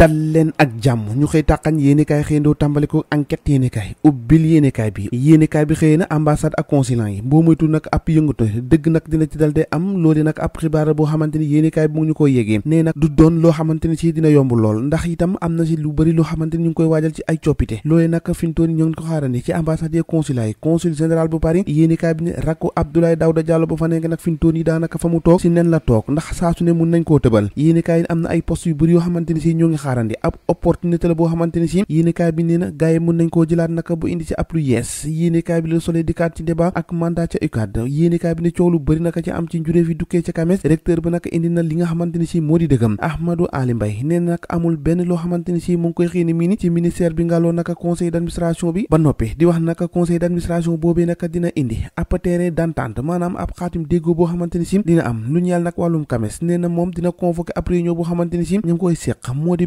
dal leen ak jàmm ñu xëy tàqañ yéenikaay xëyndoo tàmbali ko enquête yéenikaay ubbil yéenikaay bi yéenikaay bi xëy na ambassade ak consulat yi boo moytu nag ab yëngatu dëgg nag dina ci dal de am loolu nag ab xibaar boo xamante ni yéenikaay bi mu ngi ñu koy yégee nee nag du doon loo xamante lool ndax itam am na si ñu ngi yi ñoo ngi ko xaarandi ci ambassade ak consulat yi consul général bu Paris yéenikaay bi ne rakku Abdoulaye Daouda Diallo ba fa nekk nag fintoon yi daanaka fa mu toog si nen la toog ndax saa su ne mun nañ koo tëbal yéenikaay am na ay poste yu bëri yoo xaarandi ab opportunité moo di dëggam Ahmadou Ali Mbaye nee amul benn loo xamante ne si mu koy xëy ni ci ministère bi ngaloo naka conseil d'administration bi ba noppi di wax naka conseil d'administration boobee naka dina indi ab terrain d'entente maanaam ab xaatim déggoo boo xamante ne ñu ngi koy séq moo di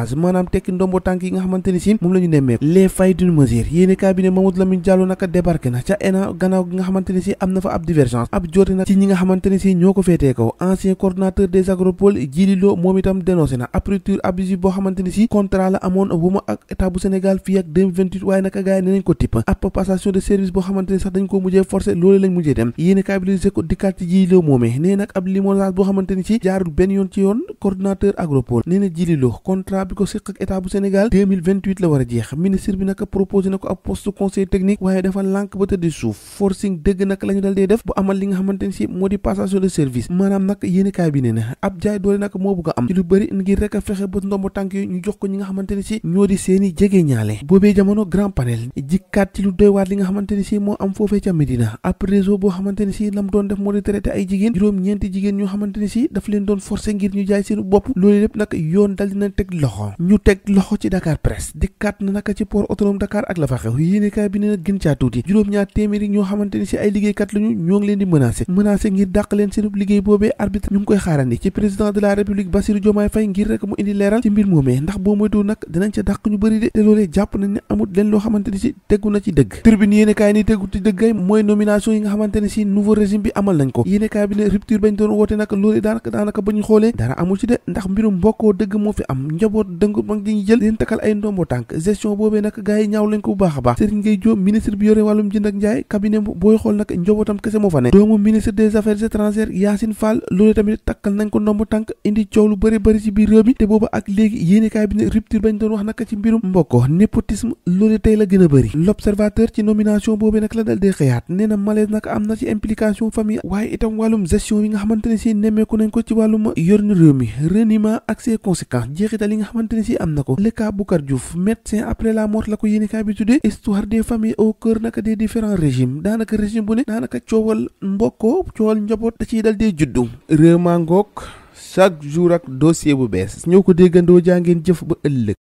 courage maanaam tekki ndombo tànk yi nga xamante ni moom la ñu nemmeeku les failles mesure yéeni cabinet moom itam dénoncé na ab rupture abusive boo xamante si ko dikkaat ci jililoo moomee nee ab limogeage boo xamante ni jaarul benn yoon ci yoon coordonnateur agropole nee na jililoo bi ko siq ak état bu Sénégal 2028 la war a jeex ministre bi nag proposé na ko ab poste conseil technique waaye dafa lànk ba tëddi suuf forcing dëgg nag la ñu def bu amal li nga xamante si moo di passation de service maanaam nag yéeni kaay bi nee ab jaay doole nag moo bëgg am ci lu bëri ngir rek fexe ba ndombo tànk yi ñu jox ko ñi nga xamante si ñoo di seeni jege ñaale boobee jamono grand panel jikkaat ci lu doy waat loxo ñu teg loxo ci Dakar Presse dikkaat na naka ci port autonome Dakar ak la xew yéenekaay bi ne na gën caa tuuti juróom-ñaar téeméeri ñoo xamante si ay liggéeykat lañu ñoo ngi si teggu na ci dëgg tribune yéenekaay ni teggu ci dëggay mooy nomination yi nga xamante si nouveau régime bi amal nañ ko yéenekaay bi ne rupture bañ doon woote nag loolee daanaka daanaka ba ñu xoolee amul ci de ndax mbirum mbokkoo dëgg moo fi am njaboot dëngu mag jël leen takkal ay ndombo tànk gestion boobee nag gars yi ñaaw lañ ko bu baax a baax Serigne Gueye Diop ministre bi yore wàllum jënd ak njaay cabinet booy xool nag njobootam kese moo la gën a bëri l'observateur ci nomination boobee nag la dal xëyaat nee na malaise am na ci implication famille waaye itam wàllum gestion yi nga xamante si nemmeeku nañ ko ci wàllum yornu réew mi reniement ak ses conséquences jeexital yi nga xamante ne si am na ko le cas Boucar Diouf médecin après la mort la ko yéenekaay bi tuddee histoire des familles au cœur naka des différents régimes daanaka régime bu ne daanaka coowal mbokkoo coowal njaboot da ciy dal dee juddu réew chaque jour ak dossier bu bees ñoo ko déggandoo jaa ngeen jëf ba ëllëg